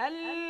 ألا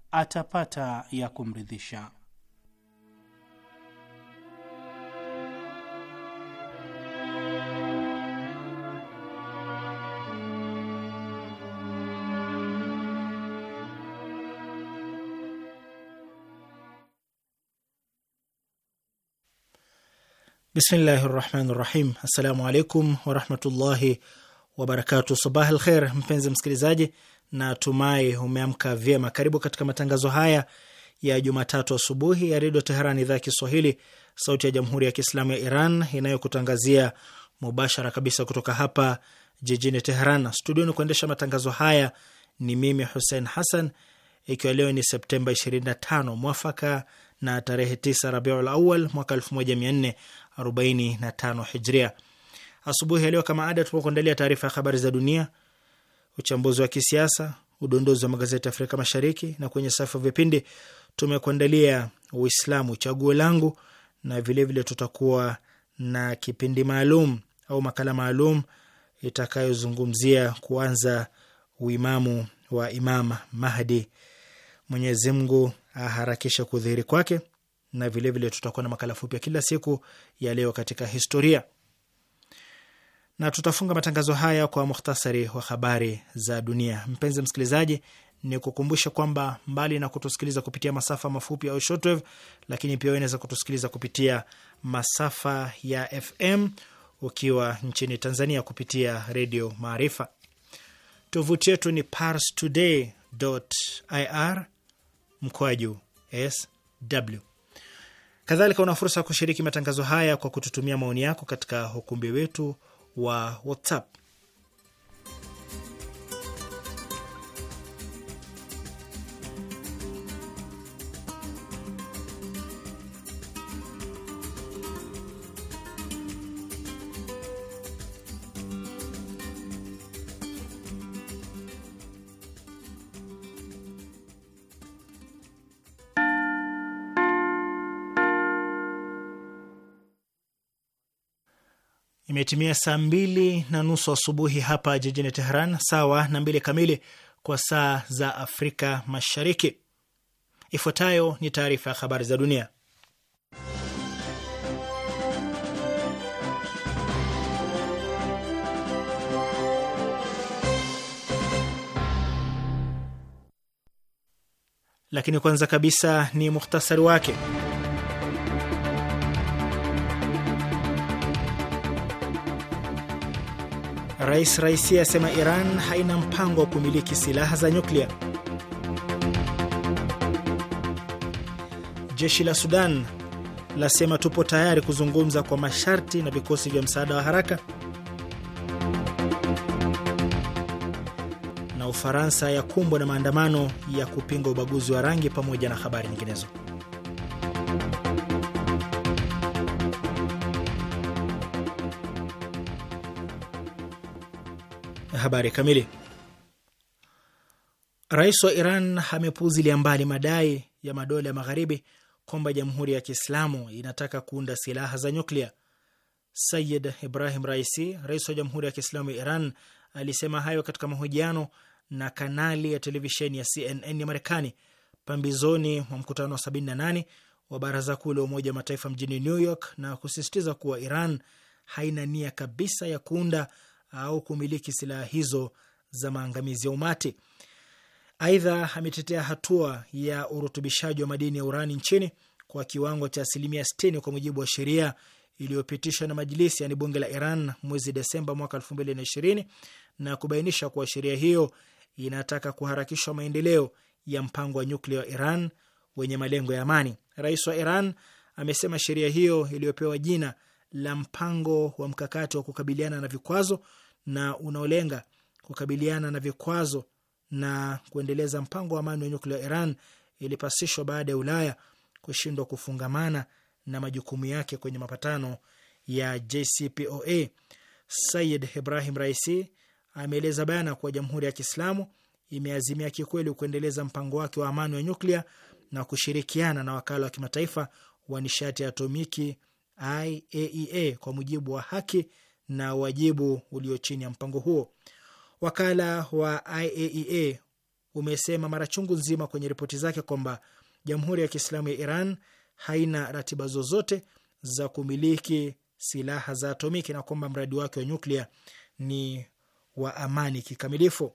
atapata ya kumridhisha. Bismillahi rahmani rahim. Assalamu alaikum warahmatullahi wabarakatu. Sabah al kher, mpenzi msikilizaji, na tumai umeamka vyema. Karibu katika matangazo haya ya Jumatatu asubuhi ya Redio Teheran, idhaa ya Kiswahili, sauti ya Jamhuri ya Kiislamu ya Iran, inayokutangazia mubashara kabisa kutoka hapa jijini Teheran. Studioni kuendesha matangazo haya ni mimi Hussein Hassan, ikiwa leo ni Septemba 25 mwafaka na tarehe 9 Rabiul Awal mwaka 1445 Hijria. Asubuhi ya leo kama ada, tupo taarifa ya habari za dunia uchambuzi wa kisiasa, udondozi wa magazeti ya Afrika Mashariki, na kwenye safu ya vipindi tumekuandalia Uislamu Chaguo Langu, na vilevile vile tutakuwa na kipindi maalum au makala maalum itakayozungumzia kuanza uimamu wa Imam Mahdi, Mwenyezi Mungu aharakishe kudhihiri kwake, na vilevile tutakuwa na makala fupi ya kila siku ya leo katika historia na tutafunga matangazo haya kwa muhtasari wa habari za dunia. Mpenzi msikilizaji, ni kukumbusha kwamba mbali na kutusikiliza kupitia masafa mafupi au shortwave, lakini pia unaweza kutusikiliza kupitia masafa ya FM ukiwa nchini Tanzania kupitia Redio Maarifa. Tovuti yetu ni parstoday.ir mkwaju sw. Kadhalika una fursa ya kushiriki matangazo haya kwa kututumia maoni yako katika ukumbi wetu wa WhatsApp. Imetimia saa mbili na nusu asubuhi hapa jijini teheran sawa na mbili kamili kwa saa za Afrika Mashariki. Ifuatayo ni taarifa ya habari za dunia, lakini kwanza kabisa ni muhtasari wake. Rais Raisi asema Iran haina mpango wa kumiliki silaha za nyuklia. Jeshi la Sudan lasema tupo tayari kuzungumza kwa masharti na vikosi vya msaada wa haraka. Na Ufaransa yakumbwa na maandamano ya kupinga ubaguzi wa rangi pamoja na habari nyinginezo. Habari kamili. Rais wa Iran amepuzilia mbali madai ya madola ya magharibi kwamba Jamhuri ya Kiislamu inataka kuunda silaha za nyuklia. Sayid Ibrahim Raisi, rais wa Jamhuri ya Kiislamu ya Iran, alisema hayo katika mahojiano na kanali ya televisheni ya CNN ya Marekani pambizoni mwa mkutano wa 78 wa Baraza Kuu la Umoja wa Mataifa mjini New York na kusisitiza kuwa Iran haina nia kabisa ya kuunda au kumiliki silaha hizo za maangamizi ya umati. Aidha, ametetea hatua ya urutubishaji wa madini ya urani nchini kwa kiwango cha asilimia 60 kwa mujibu wa sheria iliyopitishwa na majilisi, yani bunge la Iran mwezi Desemba mwaka 2020 na kubainisha kuwa sheria hiyo inataka kuharakishwa maendeleo ya mpango wa nyuklia wa Iran wenye malengo ya amani. Rais wa Iran amesema sheria hiyo iliyopewa jina la mpango wa mkakati wa kukabiliana na vikwazo na unaolenga kukabiliana na vikwazo na kuendeleza mpango wa amani wa nyuklia wa Iran ilipasishwa baada ya Ulaya kushindwa kufungamana na majukumu yake kwenye mapatano ya JCPOA. Sayid Ibrahim Raisi ameeleza bayana kuwa Jamhuri ya Kiislamu imeazimia kikweli kuendeleza mpango wake wa amani wa nyuklia na kushirikiana na wakala wa kimataifa wa nishati ya atomiki IAEA e kwa mujibu wa haki na wajibu ulio chini ya mpango huo. Wakala wa IAEA e umesema mara chungu nzima kwenye ripoti zake kwamba Jamhuri ya Kiislamu ya Iran haina ratiba zozote za kumiliki silaha za atomiki na kwamba mradi wake wa nyuklia ni wa amani kikamilifu.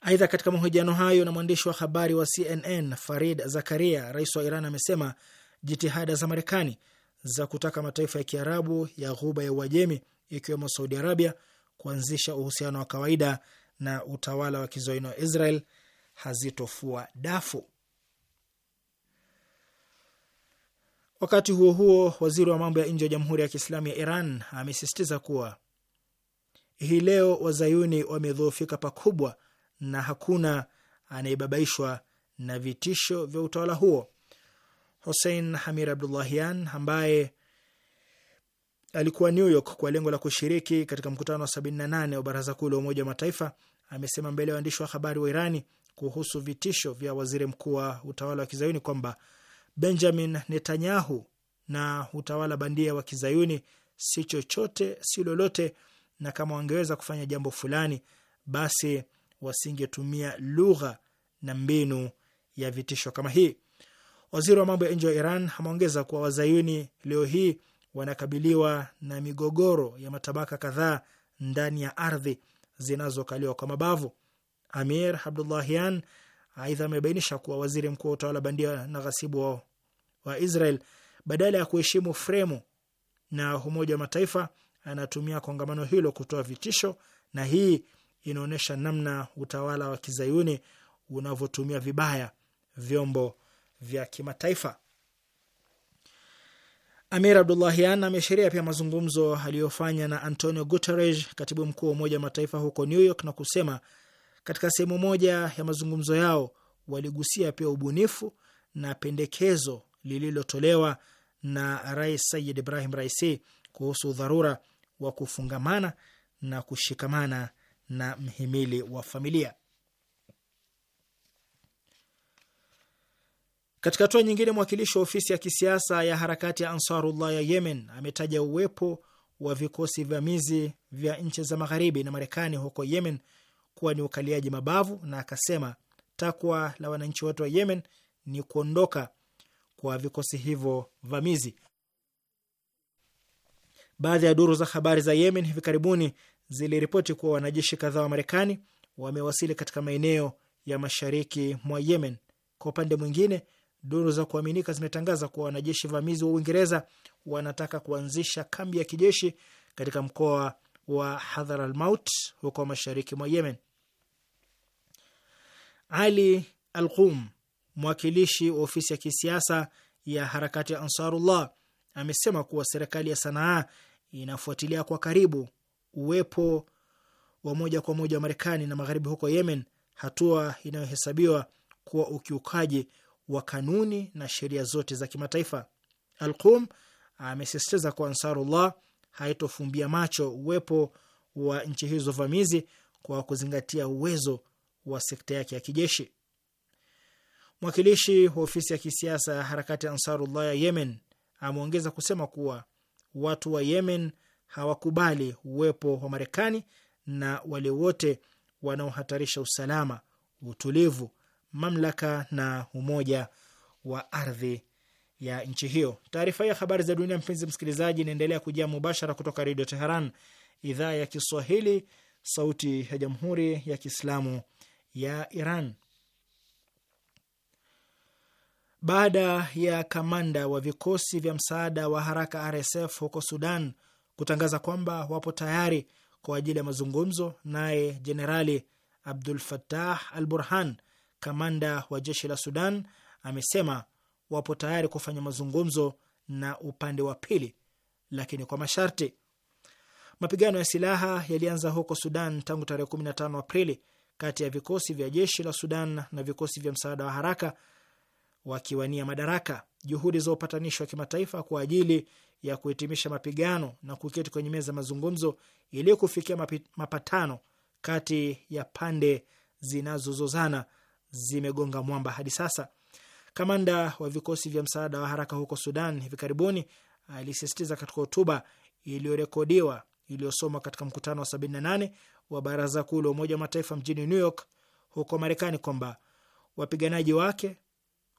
Aidha, katika mahojiano hayo na mwandishi wa habari wa CNN Farid Zakaria, rais wa Iran amesema jitihada za Marekani za kutaka mataifa ya Kiarabu ya Ghuba ya Uajemi ikiwemo Saudi Arabia kuanzisha uhusiano wa kawaida na utawala wa kizoini wa Israel hazitofua dafu. Wakati huo huo, waziri wa mambo ya nje wa Jamhuri ya Kiislamu ya Iran amesisitiza kuwa hii leo wazayuni wamedhoofika pakubwa na hakuna anayebabaishwa na vitisho vya utawala huo. Hussein Hamir Abdullahian ambaye alikuwa New York kwa lengo la kushiriki katika mkutano wa 78 wa Baraza Kuu la Umoja wa Mataifa amesema mbele ya waandishi wa habari wa Irani kuhusu vitisho vya waziri mkuu wa utawala wa kizayuni kwamba Benjamin Netanyahu na utawala bandia wa kizayuni si chochote si lolote, na kama wangeweza kufanya jambo fulani, basi wasingetumia lugha na mbinu ya vitisho kama hii. Waziri wa mambo ya nje wa Iran ameongeza kuwa wazayuni leo hii wanakabiliwa na migogoro ya matabaka kadhaa ndani ya ardhi zinazokaliwa kwa mabavu. Amir Abdullahian aidha amebainisha kuwa waziri mkuu wa utawala bandia na ghasibu wa, wa Israel badala ya kuheshimu fremu na Umoja wa Mataifa anatumia kongamano hilo kutoa vitisho, na hii inaonyesha namna utawala wa kizayuni unavyotumia vibaya vyombo vya kimataifa. Amir Abdullahian ameashiria pia mazungumzo aliyofanya na Antonio Guterres, katibu mkuu wa Umoja wa Mataifa huko New York, na kusema katika sehemu moja ya mazungumzo yao waligusia pia ubunifu na pendekezo lililotolewa na Rais Sayid Ibrahim Raisi kuhusu dharura wa kufungamana na kushikamana na mhimili wa familia. Katika hatua nyingine, mwakilishi wa ofisi ya kisiasa ya harakati ya Ansarullah ya Yemen ametaja uwepo wa vikosi vamizi vya nchi za magharibi na Marekani huko Yemen kuwa ni ukaliaji mabavu, na akasema takwa la wananchi wote wa Yemen ni kuondoka kwa vikosi hivyo vamizi. Baadhi ya duru za habari za Yemen hivi karibuni ziliripoti kuwa wanajeshi kadhaa wa Marekani wamewasili katika maeneo ya mashariki mwa Yemen. Kwa upande mwingine Duru za kuaminika zimetangaza kuwa wanajeshi vamizi wa Uingereza wanataka kuanzisha kambi ya kijeshi katika mkoa wa Hadhar al-Maut huko mashariki mwa Yemen. Ali Alqum, mwakilishi wa ofisi ya kisiasa ya harakati ya Ansarullah, amesema kuwa serikali ya Sanaa inafuatilia kwa karibu uwepo wa moja kwa moja wa Marekani na magharibi huko Yemen, hatua inayohesabiwa kuwa ukiukaji wa kanuni na sheria zote za kimataifa. Alqum amesisitiza kuwa Ansarullah haitofumbia macho uwepo wa nchi hizo vamizi kwa kuzingatia uwezo wa sekta yake ya kijeshi. Mwakilishi wa ofisi ya kisiasa ya harakati ya Ansarullah ya Yemen ameongeza kusema kuwa watu wa Yemen hawakubali uwepo wa Marekani na wale wote wanaohatarisha usalama, utulivu mamlaka na umoja wa ardhi ya nchi hiyo. Taarifa hii ya habari za dunia, mpenzi msikilizaji, inaendelea kujia mubashara kutoka Redio Teheran, idhaa ya Kiswahili, sauti ya jamhuri ya kiislamu ya Iran. Baada ya kamanda wa vikosi vya msaada wa haraka RSF huko Sudan kutangaza kwamba wapo tayari kwa ajili ya mazungumzo naye Jenerali Abdul fatah al Burhan, kamanda wa jeshi la Sudan amesema wapo tayari kufanya mazungumzo na upande wa pili, lakini kwa masharti. Mapigano ya silaha yalianza huko Sudan tangu tarehe 15 Aprili kati ya vikosi vya jeshi la Sudan na vikosi vya msaada wa haraka wakiwania madaraka. Juhudi za upatanishi wa kimataifa kwa ajili ya kuhitimisha mapigano na kuketi kwenye meza mazungumzo ili kufikia mapatano kati ya pande zinazozozana zimegonga mwamba hadi sasa. Kamanda wa vikosi vya msaada wa haraka huko Sudan hivi karibuni alisisitiza katika hotuba iliyorekodiwa iliyosomwa katika mkutano wa 78 wa Baraza Kuu la Umoja wa Mataifa mjini New York huko Marekani kwamba wapiganaji wake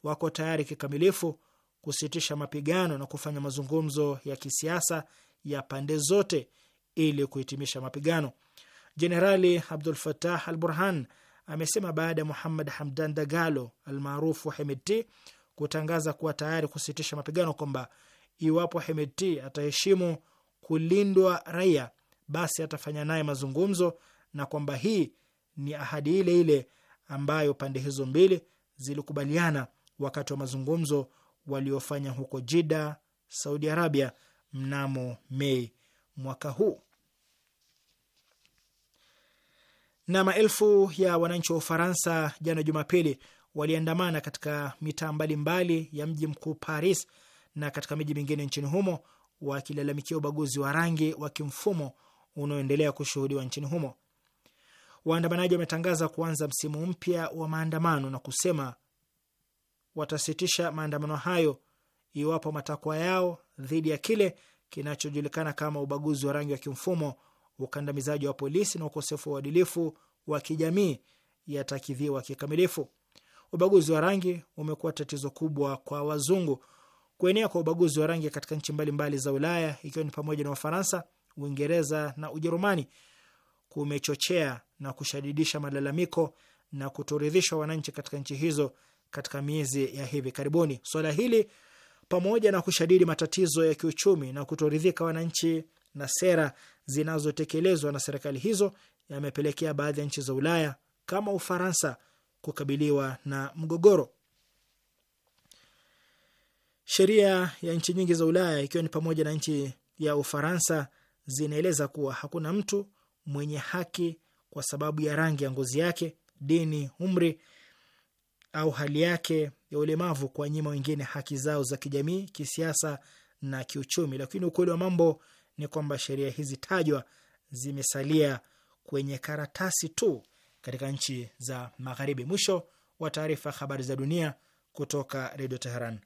wako tayari kikamilifu kusitisha mapigano na kufanya mazungumzo ya kisiasa ya pande zote ili kuhitimisha mapigano. Jenerali Abdul Fatah Al Burhan amesema baada ya Muhammad Hamdan Dagalo almaarufu Hemedti kutangaza kuwa tayari kusitisha mapigano kwamba iwapo Hemedti ataheshimu kulindwa raia, basi atafanya naye mazungumzo na kwamba hii ni ahadi ile ile ambayo pande hizo mbili zilikubaliana wakati wa mazungumzo waliofanya huko Jida, Saudi Arabia mnamo Mei mwaka huu. Na maelfu ya wananchi wa Ufaransa jana Jumapili waliandamana katika mitaa mbalimbali ya mji mkuu Paris na katika miji mingine nchini humo wakilalamikia ubaguzi wa rangi wa kimfumo unaoendelea kushuhudiwa nchini humo. Waandamanaji wametangaza kuanza msimu mpya wa maandamano na kusema watasitisha maandamano hayo iwapo matakwa yao dhidi ya kile kinachojulikana kama ubaguzi wa rangi wa kimfumo ukandamizaji wa polisi na ukosefu wa uadilifu wa kijamii yatakidhiwa kikamilifu. Ubaguzi wa rangi umekuwa tatizo kubwa kwa wazungu. Kuenea kwa ubaguzi wa rangi katika nchi mbalimbali za Ulaya ikiwa ni pamoja na Ufaransa, Uingereza na Ujerumani kumechochea na kushadidisha malalamiko na kutoridhishwa wananchi katika nchi hizo katika miezi ya hivi karibuni. Suala hili pamoja na kushadidi matatizo ya kiuchumi na kutoridhika wananchi na sera zinazotekelezwa na serikali hizo yamepelekea baadhi ya nchi za Ulaya kama Ufaransa kukabiliwa na mgogoro. Sheria ya nchi nyingi za Ulaya ikiwa ni pamoja na nchi ya Ufaransa zinaeleza kuwa hakuna mtu mwenye haki kwa sababu ya rangi ya ngozi yake, dini, umri au hali yake ya ulemavu kwa nyima wengine haki zao za kijamii, kisiasa na kiuchumi. Lakini ukweli wa mambo ni kwamba sheria hizi tajwa zimesalia kwenye karatasi tu katika nchi za Magharibi. Mwisho wa taarifa. Habari za dunia kutoka Redio Teheran.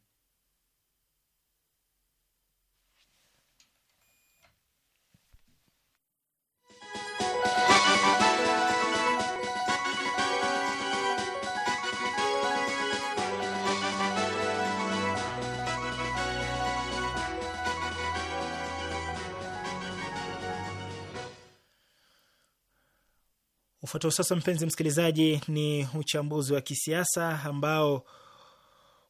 Ufuatao sasa, mpenzi msikilizaji, ni uchambuzi wa kisiasa ambao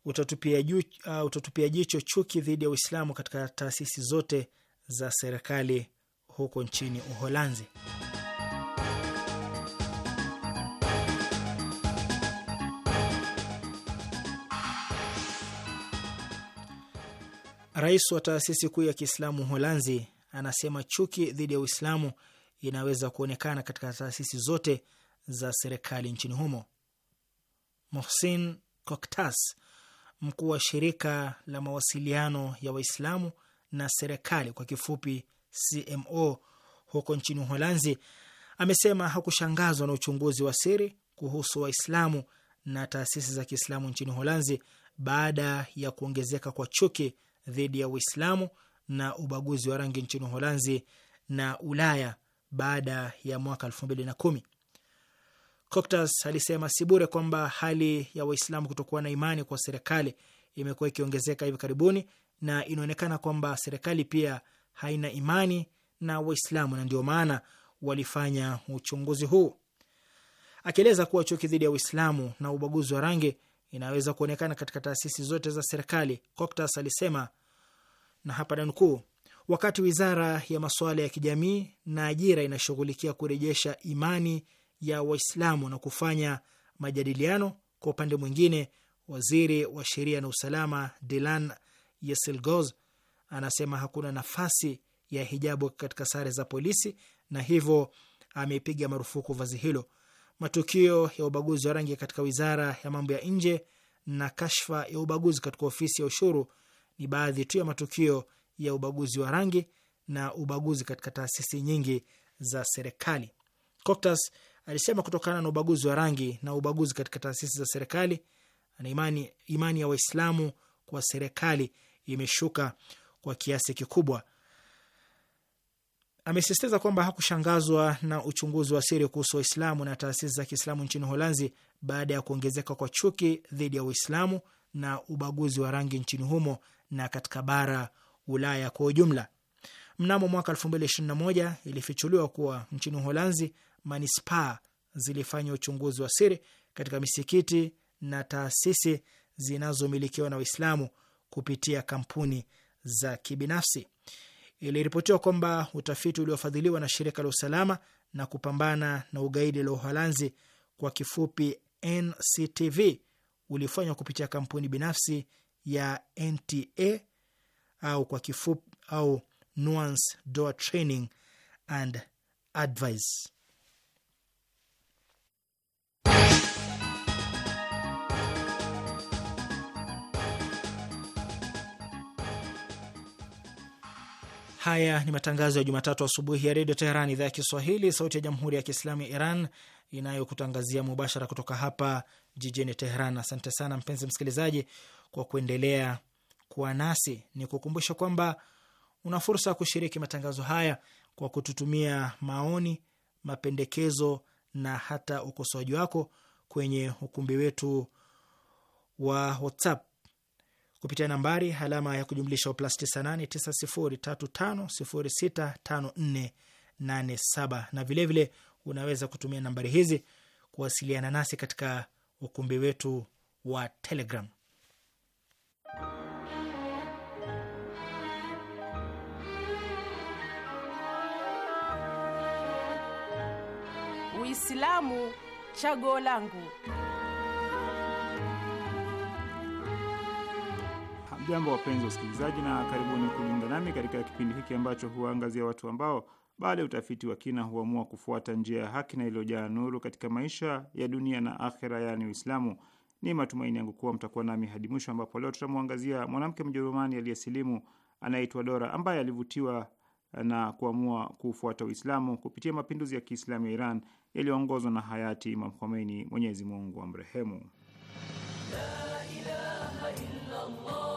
utatupia, uh, utatupia jicho chuki dhidi ya Uislamu katika taasisi zote za serikali huko nchini Uholanzi. Rais wa taasisi kuu ya Kiislamu Uholanzi anasema chuki dhidi ya Uislamu inaweza kuonekana katika taasisi zote za serikali nchini humo. Mohsin Koktas, mkuu wa shirika la mawasiliano ya Waislamu na serikali kwa kifupi CMO huko nchini Uholanzi, amesema hakushangazwa na uchunguzi wa siri kuhusu Waislamu na taasisi za Kiislamu nchini Uholanzi baada ya kuongezeka kwa chuki dhidi ya Uislamu na ubaguzi wa rangi nchini Uholanzi na Ulaya baada ya mwaka elfu mbili na kumi. Coptas alisema si bure kwamba hali ya Waislamu kutokuwa na imani kwa serikali imekuwa ikiongezeka hivi karibuni na inaonekana kwamba serikali pia haina imani na Waislamu na ndio maana walifanya uchunguzi huu, akieleza kuwa chuki dhidi ya Uislamu na ubaguzi wa rangi inaweza kuonekana katika taasisi zote za serikali. Coctas alisema na hapa nanukuu, Wakati wizara ya masuala ya kijamii na ajira inashughulikia kurejesha imani ya Waislamu na kufanya majadiliano, kwa upande mwingine, waziri wa sheria na usalama Dilan Yesilgoz anasema hakuna nafasi ya hijabu katika sare za polisi na hivyo amepiga marufuku vazi hilo. Matukio ya ubaguzi wa rangi katika wizara ya mambo ya nje na kashfa ya ubaguzi katika ofisi ya ushuru ni baadhi tu ya matukio ya ubaguzi wa rangi na ubaguzi katika taasisi nyingi za serikali. Coctas alisema kutokana na ubaguzi wa rangi na ubaguzi katika taasisi za serikali na imani, imani ya Waislamu kwa serikali imeshuka kwa kiasi kikubwa. Amesisitiza kwamba hakushangazwa na uchunguzi wa siri kuhusu Waislamu na taasisi za Kiislamu nchini Holanzi baada ya kuongezeka kwa chuki dhidi ya Uislamu na ubaguzi wa rangi nchini humo na katika bara Ulaya kwa ujumla. Mnamo mwaka 2021 ilifichuliwa kuwa nchini Uholanzi manispaa zilifanya uchunguzi wa siri katika misikiti na taasisi zinazomilikiwa na Waislamu kupitia kampuni za kibinafsi. Iliripotiwa kwamba utafiti uliofadhiliwa na shirika la usalama na kupambana na ugaidi la Uholanzi, kwa kifupi NCTV, ulifanywa kupitia kampuni binafsi ya NTA au kwa kifupi au Nuance Door Training and Advice. Haya ni matangazo ya Jumatatu asubuhi ya redio Teheran, idhaa ya Kiswahili, sauti ya jamhuri ya kiislamu ya Iran inayokutangazia mubashara kutoka hapa jijini Teheran. Asante sana mpenzi msikilizaji kwa kuendelea kuwa nasi. Ni kukumbusha kwamba una fursa ya kushiriki matangazo haya kwa kututumia maoni, mapendekezo na hata ukosoaji wako kwenye ukumbi wetu wa WhatsApp kupitia nambari alama ya kujumlisha plus 989035065487 na vilevile unaweza kutumia nambari hizi kuwasiliana nasi katika ukumbi wetu wa Telegram. Uislamu chaguo langu. Jambo wapenzi wa usikilizaji, na karibuni kujiunga nami katika kipindi hiki ambacho huwaangazia watu ambao baada ya utafiti wa kina huamua kufuata njia ya haki na iliyojaa nuru katika maisha ya dunia na akhera, yaani Uislamu. Ni matumaini yangu kuwa mtakuwa nami hadi mwisho, ambapo leo tutamwangazia mwanamke Mjerumani aliyesilimu anayeitwa Dora ambaye alivutiwa na kuamua kufuata Uislamu kupitia mapinduzi ya Kiislamu ya Iran yaliyoongozwa na hayati Imam Khomeini, Mwenyezi Mungu amrehemu. La ilaha illallah.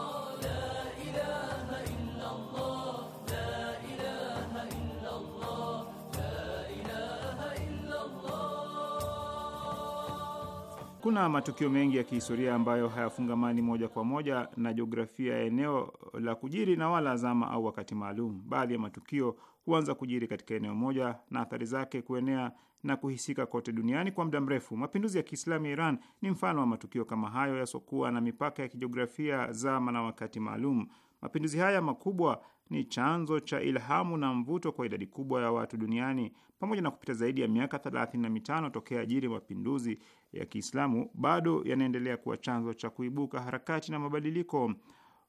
Kuna matukio mengi ya kihistoria ambayo hayafungamani moja kwa moja na jiografia ya eneo la kujiri na wala zama au wakati maalum. Baadhi ya matukio huanza kujiri katika eneo moja na athari zake kuenea na kuhisika kote duniani kwa muda mrefu. Mapinduzi ya Kiislamu ya Iran ni mfano wa matukio kama hayo yasokuwa na mipaka ya kijiografia, zama na wakati maalum. Mapinduzi haya makubwa ni chanzo cha ilhamu na mvuto kwa idadi kubwa ya watu duniani. Pamoja na kupita zaidi ya miaka thelathini na mitano tokea ajiri mapinduzi ya Kiislamu bado yanaendelea kuwa chanzo cha kuibuka harakati na mabadiliko.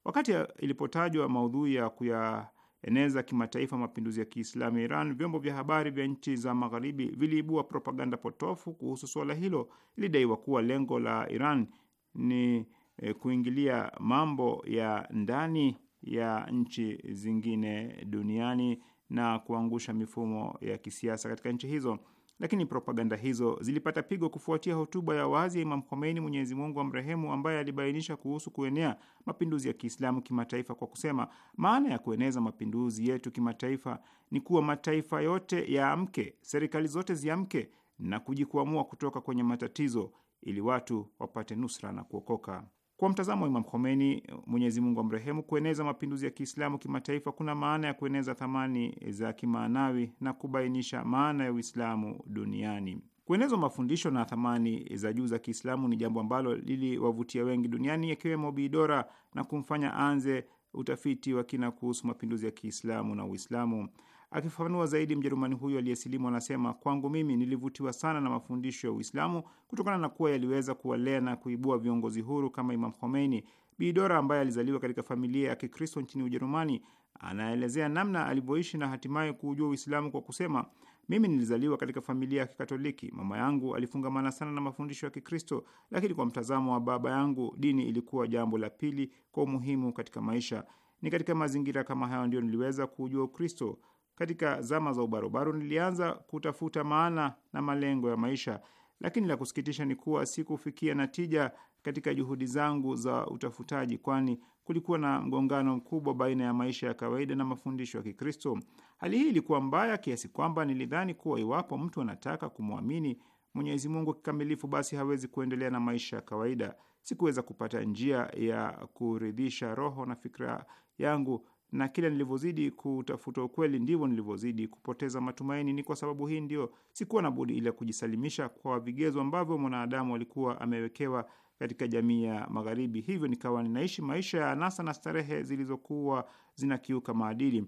Wakati ilipotajwa maudhui ya kuyaeneza kimataifa mapinduzi ya Kiislamu ya Iran, vyombo vya habari vya nchi za Magharibi viliibua propaganda potofu kuhusu suala hilo. Ilidaiwa kuwa lengo la Iran ni eh, kuingilia mambo ya ndani ya nchi zingine duniani na kuangusha mifumo ya kisiasa katika nchi hizo. Lakini propaganda hizo zilipata pigo kufuatia hotuba ya wazi ya Imam Khomeini, Mwenyezi Mungu wa mrehemu ambaye alibainisha kuhusu kuenea mapinduzi ya Kiislamu kimataifa kwa kusema, maana ya kueneza mapinduzi yetu kimataifa ni kuwa mataifa yote yaamke, serikali zote ziamke na kujikwamua kutoka kwenye matatizo ili watu wapate nusra na kuokoka. Kwa mtazamo wa Imam Khomeini, Mwenyezi Mungu amrehemu, kueneza mapinduzi ya Kiislamu kimataifa kuna maana ya kueneza thamani za kimaanawi na kubainisha maana ya Uislamu duniani. Kuenezwa mafundisho na thamani za juu za Kiislamu ni jambo ambalo liliwavutia wengi duniani, akiwemo Bidora na kumfanya anze utafiti wa kina kuhusu mapinduzi ya Kiislamu na Uislamu. Akifafanua zaidi, Mjerumani huyo aliyesilimu anasema, kwangu mimi nilivutiwa sana na mafundisho ya Uislamu kutokana na kuwa yaliweza kuwalea na kuibua viongozi huru kama Imam Khomeini. Bidora ambaye alizaliwa katika familia ya Kikristo nchini Ujerumani anaelezea namna alivyoishi na hatimaye kuujua Uislamu kwa kusema, mimi nilizaliwa katika familia ya Kikatoliki. Mama yangu alifungamana sana na mafundisho ya Kikristo, lakini kwa mtazamo wa baba yangu dini ilikuwa jambo la pili kwa umuhimu katika maisha. Ni katika mazingira kama hayo ndio niliweza kuujua Ukristo katika zama za ubarobaro nilianza kutafuta maana na malengo ya maisha, lakini la kusikitisha ni kuwa sikufikia natija katika juhudi zangu za utafutaji, kwani kulikuwa na mgongano mkubwa baina ya maisha ya kawaida na mafundisho ya Kikristo. Hali hii ilikuwa mbaya kiasi kwamba nilidhani kuwa iwapo mtu anataka kumwamini Mwenyezi Mungu kikamilifu, basi hawezi kuendelea na maisha ya kawaida. Sikuweza kupata njia ya kuridhisha roho na fikra yangu na kila nilivyozidi kutafuta ukweli ndivyo nilivyozidi kupoteza matumaini. Ni kwa sababu hii ndio sikuwa na budi ila kujisalimisha kwa vigezo ambavyo mwanadamu alikuwa amewekewa katika jamii ya Magharibi. Hivyo nikawa ninaishi maisha ya anasa na starehe zilizokuwa zinakiuka maadili.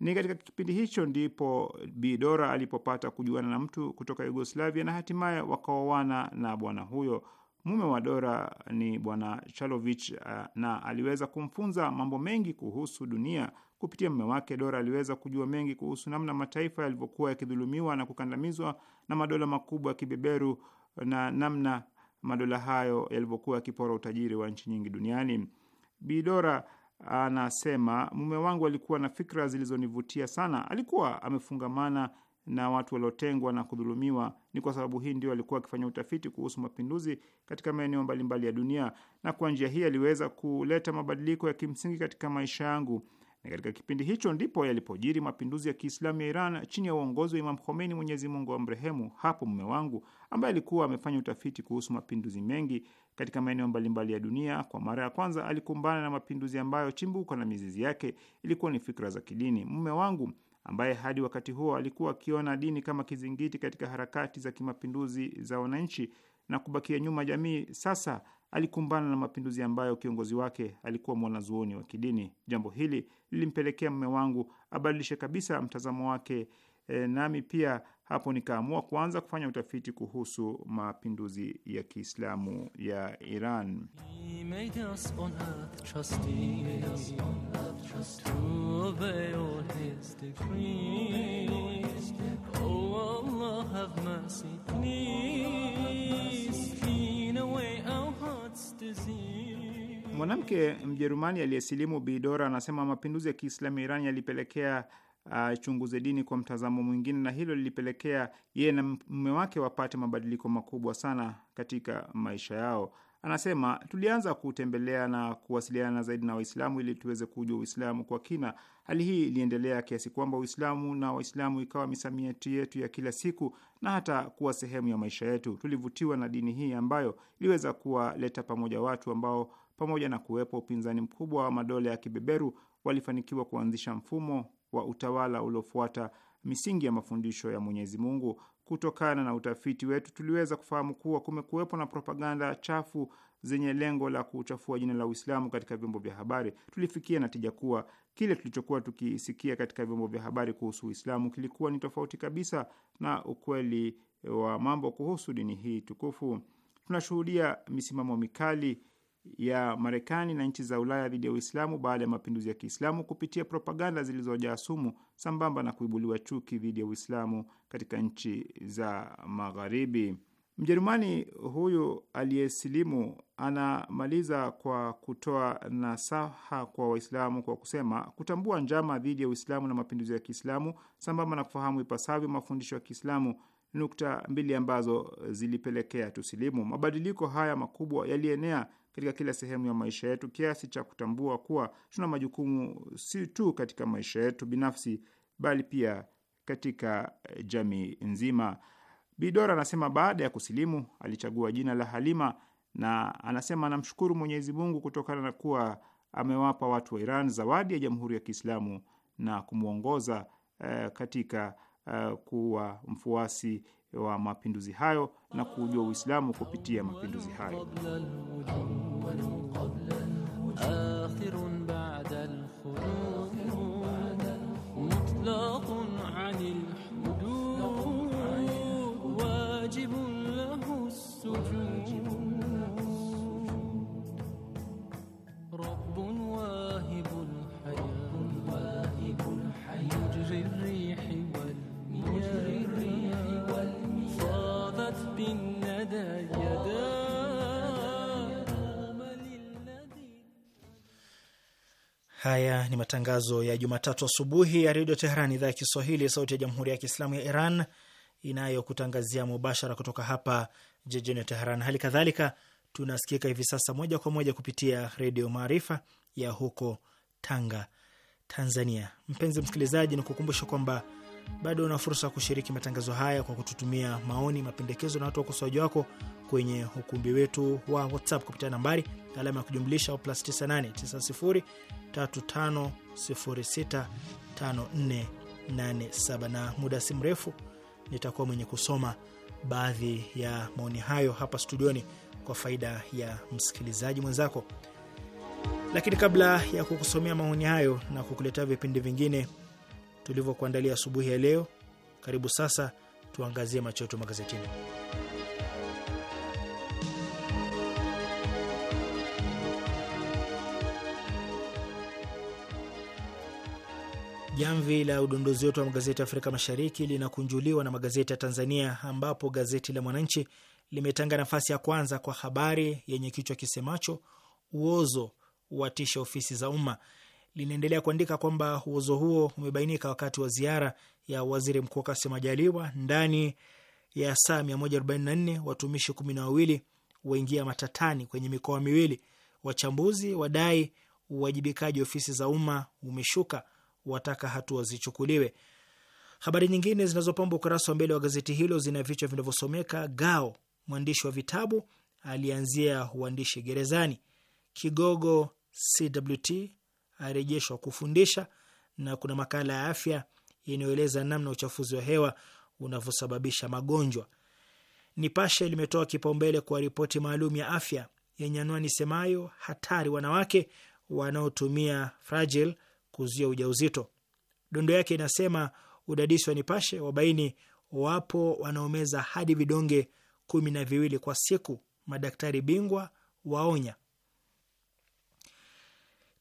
Ni katika kipindi hicho ndipo Bidora alipopata kujuana na mtu kutoka Yugoslavia na hatimaye wakaoana na bwana huyo. Mume wa Dora ni bwana Chalovich uh, na aliweza kumfunza mambo mengi kuhusu dunia. Kupitia mume wake, Dora aliweza kujua mengi kuhusu namna mataifa yalivyokuwa yakidhulumiwa na kukandamizwa na madola makubwa ya kibeberu na namna madola hayo yalivyokuwa yakipora utajiri wa nchi nyingi duniani. Bidora Dora anasema mume wangu alikuwa na fikra zilizonivutia sana. Alikuwa amefungamana na watu waliotengwa na kudhulumiwa. Ni kwa sababu hii ndio alikuwa akifanya utafiti kuhusu mapinduzi katika maeneo mbalimbali ya dunia, na kwa njia hii aliweza kuleta mabadiliko ya kimsingi katika maisha yangu. Na katika kipindi hicho ndipo yalipojiri mapinduzi ya Kiislamu ya Iran chini ya uongozi wa Imam Khomeini, Mwenyezi Mungu amrehemu. Hapo mume wangu ambaye alikuwa amefanya utafiti kuhusu mapinduzi mengi katika maeneo mbalimbali ya dunia, kwa mara ya kwanza alikumbana na mapinduzi ambayo chimbuko na mizizi yake ilikuwa ni fikra za kidini. Mume wangu ambaye hadi wakati huo alikuwa akiona dini kama kizingiti katika harakati za kimapinduzi za wananchi na kubakia nyuma jamii, sasa alikumbana na mapinduzi ambayo kiongozi wake alikuwa mwanazuoni wa kidini. Jambo hili lilimpelekea mme wangu abadilishe kabisa mtazamo wake, e, nami pia hapo nikaamua kuanza kufanya utafiti kuhusu mapinduzi ya Kiislamu ya Iran. Mwanamke Mjerumani aliyesilimu Bidora anasema mapinduzi ya Kiislamu ya Iran yalipelekea achunguze dini kwa mtazamo mwingine, na hilo lilipelekea yeye na mume wake wapate mabadiliko makubwa sana katika maisha yao. Anasema, tulianza kutembelea na kuwasiliana zaidi na Waislamu ili tuweze kujua Uislamu kwa kina. Hali hii iliendelea kiasi kwamba Uislamu na Waislamu ikawa misamiati yetu ya kila siku na hata kuwa sehemu ya maisha yetu. Tulivutiwa na dini hii ambayo iliweza kuwaleta pamoja watu ambao pamoja na kuwepo upinzani mkubwa wa madola ya kibeberu walifanikiwa kuanzisha mfumo wa utawala uliofuata misingi ya mafundisho ya Mwenyezi Mungu. Kutokana na utafiti wetu, tuliweza kufahamu kuwa kumekuwepo na propaganda chafu zenye lengo la kuchafua jina la Uislamu katika vyombo vya habari. Tulifikia natija kuwa kile tulichokuwa tukisikia katika vyombo vya habari kuhusu Uislamu kilikuwa ni tofauti kabisa na ukweli wa mambo kuhusu dini hii tukufu. Tunashuhudia misimamo mikali ya Marekani na nchi za Ulaya dhidi ya Uislamu baada ya mapinduzi ya Kiislamu kupitia propaganda zilizojaa sumu sambamba na kuibuliwa chuki dhidi ya Uislamu katika nchi za Magharibi. Mjerumani huyu aliyesilimu anamaliza kwa kutoa nasaha kwa Waislamu kwa kusema kutambua njama dhidi ya Uislamu na mapinduzi ya Kiislamu sambamba na kufahamu ipasavyo mafundisho ya Kiislamu nukta mbili ambazo zilipelekea tusilimu. Mabadiliko haya makubwa yalienea katika kila sehemu ya maisha yetu kiasi cha kutambua kuwa tuna majukumu si tu katika maisha yetu binafsi bali pia katika eh, jamii nzima. Bidora anasema baada ya kusilimu alichagua jina la Halima na anasema anamshukuru Mwenyezi Mungu kutokana na kuwa amewapa watu wa Iran zawadi ya Jamhuri ya Kiislamu na kumwongoza uh, eh, katika uh, kuwa mfuasi wa mapinduzi hayo na kuujua Uislamu kupitia mapinduzi hayo. Haya ni matangazo ya Jumatatu asubuhi ya redio Teheran, idhaa ya Kiswahili, sauti ya jamhuri ya kiislamu ya Iran, inayokutangazia mubashara kutoka hapa jijini Teheran. Hali kadhalika tunasikika hivi sasa moja kwa moja kupitia redio Maarifa ya huko Tanga, Tanzania. Mpenzi msikilizaji, ni kukumbusha kwamba bado una fursa ya kushiriki matangazo haya kwa kututumia maoni, mapendekezo na watu wa ukosoaji wako kwenye ukumbi wetu wa WhatsApp kupitia nambari alama ya kujumlisha plus 98 90 35065487 na muda si mrefu nitakuwa mwenye kusoma baadhi ya maoni hayo hapa studioni kwa faida ya msikilizaji mwenzako. Lakini kabla ya kukusomea maoni hayo na kukuletea vipindi vingine tulivyokuandalia asubuhi ya leo, karibu sasa tuangazie macho yetu magazetini. Jamvi la udondozi wetu wa magazeti ya Afrika Mashariki linakunjuliwa na magazeti ya Tanzania, ambapo gazeti la Mwananchi limetanga nafasi ya kwanza kwa habari yenye kichwa kisemacho uozo watisha ofisi za umma. Linaendelea kuandika kwamba uozo huo umebainika wakati wa ziara ya waziri mkuu Kassim Majaliwa. Ndani ya saa 144 watumishi kumi na wawili waingia matatani kwenye mikoa miwili. Wachambuzi wadai uwajibikaji ofisi za umma umeshuka wataka hatua wa zichukuliwe. Habari nyingine zinazopamba ukurasa wa mbele wa gazeti hilo zina vichwa vinavyosomeka: Gao mwandishi wa vitabu alianzia uandishi gerezani, kigogo CWT arejeshwa kufundisha, na kuna makala ya afya inayoeleza namna uchafuzi wa hewa unavyosababisha magonjwa. Nipashe limetoa kipaumbele kwa ripoti maalum ya afya yenye anwani semayo hatari wanawake wanaotumia Fragile kuzuia ujauzito. Dondo yake inasema udadisi wa Nipashe wabaini wapo wanaomeza hadi vidonge kumi na viwili kwa siku, madaktari bingwa waonya.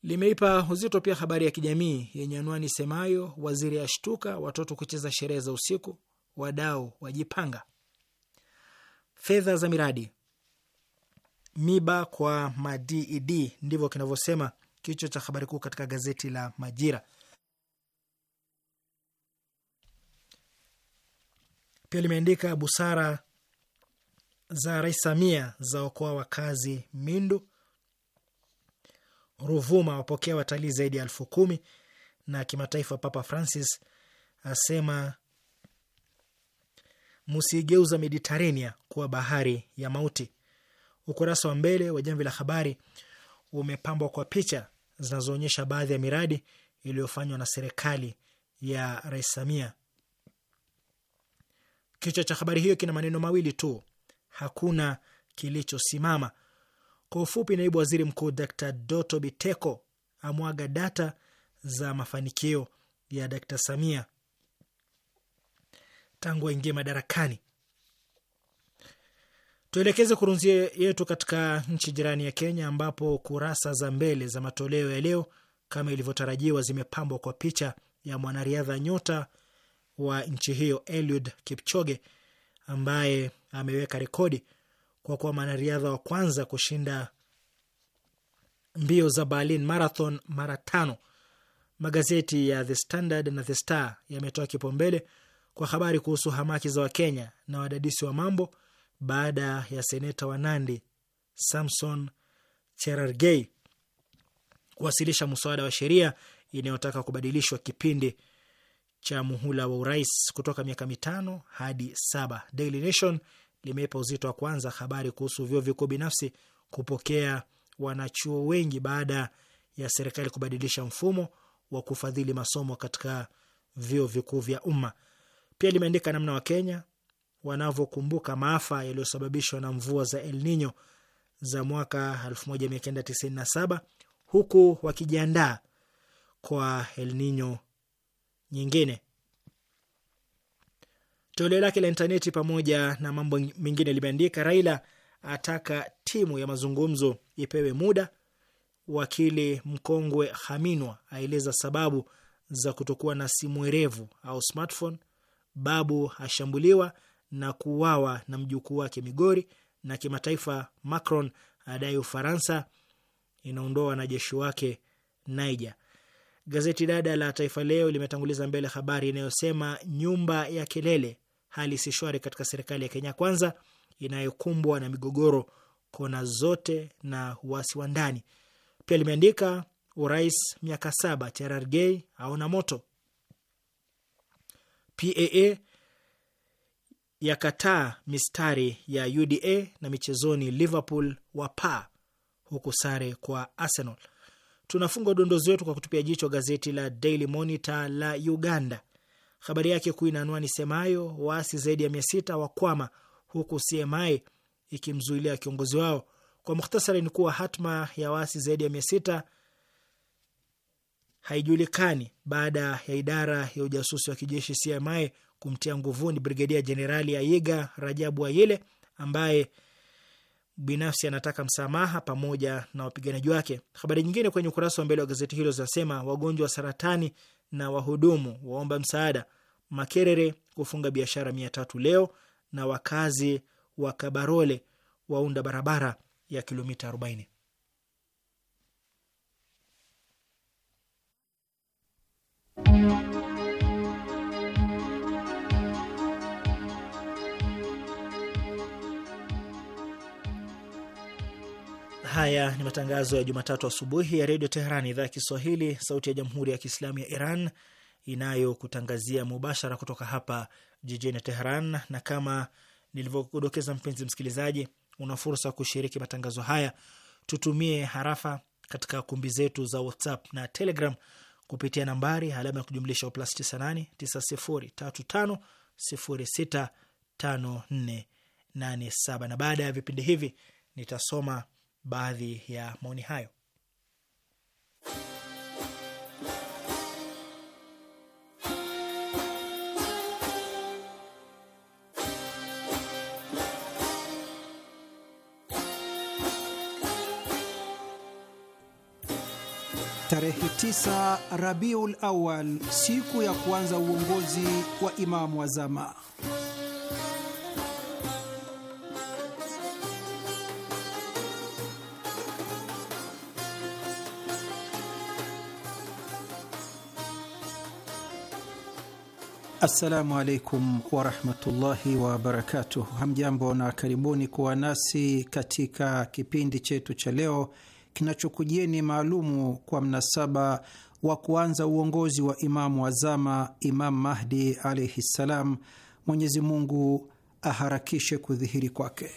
Limeipa uzito pia habari ya kijamii yenye anwani semayo, waziri ashtuka watoto kucheza sherehe za usiku, wadau wajipanga. Fedha za miradi miba kwa maded, e ndivyo kinavyosema Kichwa cha habari kuu katika gazeti la Majira pia limeandika busara za Rais Samia za okoa wakazi Mindu, Ruvuma wapokea watalii zaidi ya elfu kumi na kimataifa, Papa Francis asema msigeuza Mediterania kuwa bahari ya mauti. Ukurasa wa mbele wa Jamvi la Habari umepambwa kwa picha zinazoonyesha baadhi ya miradi iliyofanywa na serikali ya Rais Samia. Kichwa cha habari hiyo kina maneno mawili tu, hakuna kilichosimama. Kwa ufupi, naibu waziri mkuu Dr Doto Biteko amwaga data za mafanikio ya Dr Samia tangu aingie madarakani. Tuelekeze kurunzi yetu katika nchi jirani ya Kenya, ambapo kurasa za mbele za matoleo ya leo kama ilivyotarajiwa zimepambwa kwa picha ya mwanariadha nyota wa nchi hiyo Eliud Kipchoge ambaye ameweka rekodi kwa kuwa mwanariadha wa kwanza kushinda mbio za Berlin Marathon mara tano. Magazeti ya The Standard na The Star yametoa kipaumbele kwa habari kuhusu hamaki za Wakenya na wadadisi wa mambo baada ya seneta wa Nandi Samson Cherargei kuwasilisha mswada wa sheria inayotaka kubadilishwa kipindi cha muhula wa urais kutoka miaka mitano hadi saba. Daily Nation limeipa uzito wa kwanza habari kuhusu vyuo vikuu binafsi kupokea wanachuo wengi baada ya serikali kubadilisha mfumo wa kufadhili masomo katika vyuo vikuu vya umma. Pia limeandika namna wa kenya wanavyokumbuka maafa yaliyosababishwa na mvua za El Nino za mwaka 1997 huku wakijiandaa kwa El Nino nyingine. Toleo lake la intaneti pamoja na mambo mengine limeandika Raila ataka timu ya mazungumzo ipewe muda. Wakili mkongwe Haminwa aeleza sababu za kutokuwa na simu erevu au smartphone. Babu ashambuliwa na kuuawa na mjukuu wake Migori. Na kimataifa, Macron adai Ufaransa inaondoa wanajeshi wake Niger. Gazeti dada la Taifa Leo limetanguliza mbele habari inayosema nyumba ya kelele, hali si shwari katika serikali ya Kenya Kwanza inayokumbwa na migogoro kona zote na uasi wa ndani. Pia limeandika urais miaka saba, Cherargei aona moto. PAA yakataa mistari ya UDA na michezoni Liverpool pa huku sare kwa Arsenal. Tunafunga udondozi wetu kwa kutupia jicho gazeti la Daily Monitor la Uganda. Habari yake kuu ina anwani semayo waasi zaidi ya mia sita wakwama huku CMI ikimzuilia kiongozi wao. Kwa mukhtasari, ni kuwa hatma ya waasi zaidi ya mia sita haijulikani baada ya idara ya ujasusi wa kijeshi CMI kumtia nguvuni Brigedia Jenerali Aiga Rajabu Ayile ambaye binafsi anataka msamaha pamoja na wapiganaji wake. Habari nyingine kwenye ukurasa wa mbele wa gazeti hilo zinasema wagonjwa wa saratani na wahudumu waomba msaada, Makerere kufunga biashara mia tatu leo, na wakazi wa Kabarole waunda barabara ya kilomita arobaini. Haya ni matangazo ya Jumatatu asubuhi ya Redio Teheran, idhaa ya Kiswahili, sauti ya Jamhuri ya Kiislamu ya Iran inayokutangazia mubashara kutoka hapa jijini Teheran. Na kama nilivyodokeza, mpenzi msikilizaji, una fursa ya kushiriki matangazo haya. Tutumie harafa katika kumbi zetu za WhatsApp na Telegram kupitia nambari alama ya kujumlisha plus 98 90 35 065487. Na baada ya vipindi hivi nitasoma baadhi ya maoni hayo. Tarehe 9 Rabiul Awal, siku ya kuanza uongozi wa Imamu Azama. Assalamu alaikum warahmatullahi wabarakatuh. Hamjambo na karibuni kuwa nasi katika kipindi chetu cha leo kinachokujieni maalumu kwa mnasaba wa kuanza uongozi wa Imamu Azama, Imamu Mahdi alaihi ssalam, Mwenyezi Mungu aharakishe kudhihiri kwake.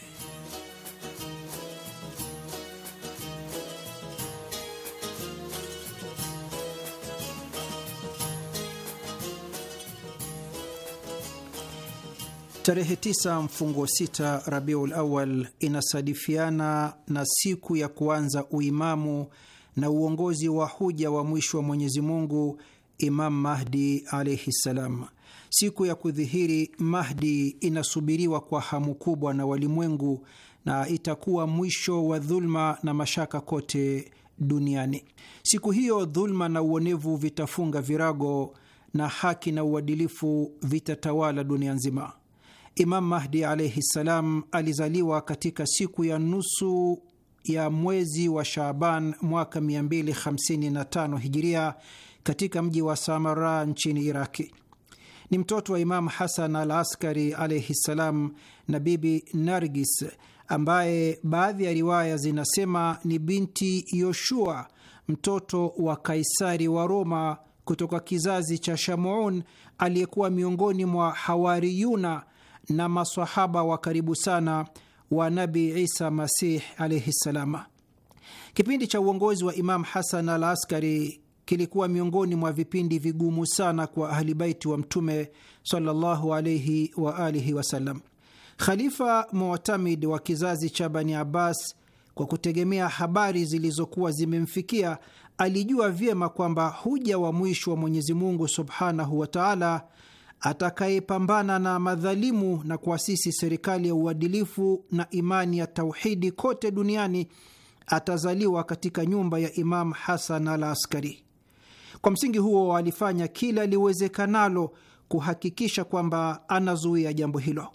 Tarehe 9 mfungo 6 Rabiul Awal inasadifiana na siku ya kuanza uimamu na uongozi wa huja wa mwisho wa Mwenyezi Mungu, Imam Mahdi alaihi ssalam. Siku ya kudhihiri Mahdi inasubiriwa kwa hamu kubwa na walimwengu na itakuwa mwisho wa dhulma na mashaka kote duniani. Siku hiyo dhulma na uonevu vitafunga virago na haki na uadilifu vitatawala dunia nzima. Imam Mahdi alaihi ssalam alizaliwa katika siku ya nusu ya mwezi wa Shaaban mwaka 255 hijiria katika mji wa Samara nchini Iraki. Ni mtoto wa Imam Hasan al Askari alaihi ssalam na Bibi Nargis ambaye baadhi ya riwaya zinasema ni binti Yoshua mtoto wa Kaisari wa Roma kutoka kizazi cha Shamuun aliyekuwa miongoni mwa Hawariyuna na masahaba wa karibu sana wa Nabi Isa Masih alaihi ssalama. Kipindi cha uongozi wa Imam Hasan al Askari kilikuwa miongoni mwa vipindi vigumu sana kwa ahlibaiti wa Mtume sallallahu alaihi wa alihi wasallam. Khalifa Mutamid wa kizazi cha Bani Abbas, kwa kutegemea habari zilizokuwa zimemfikia, alijua vyema kwamba huja wa mwisho wa Mwenyezi Mungu subhanahu wa taala atakayepambana na madhalimu na kuasisi serikali ya uadilifu na imani ya tauhidi kote duniani atazaliwa katika nyumba ya Imamu Hasan al Askari. Kwa msingi huo, alifanya kila liwezekanalo kuhakikisha kwamba anazuia jambo hilo.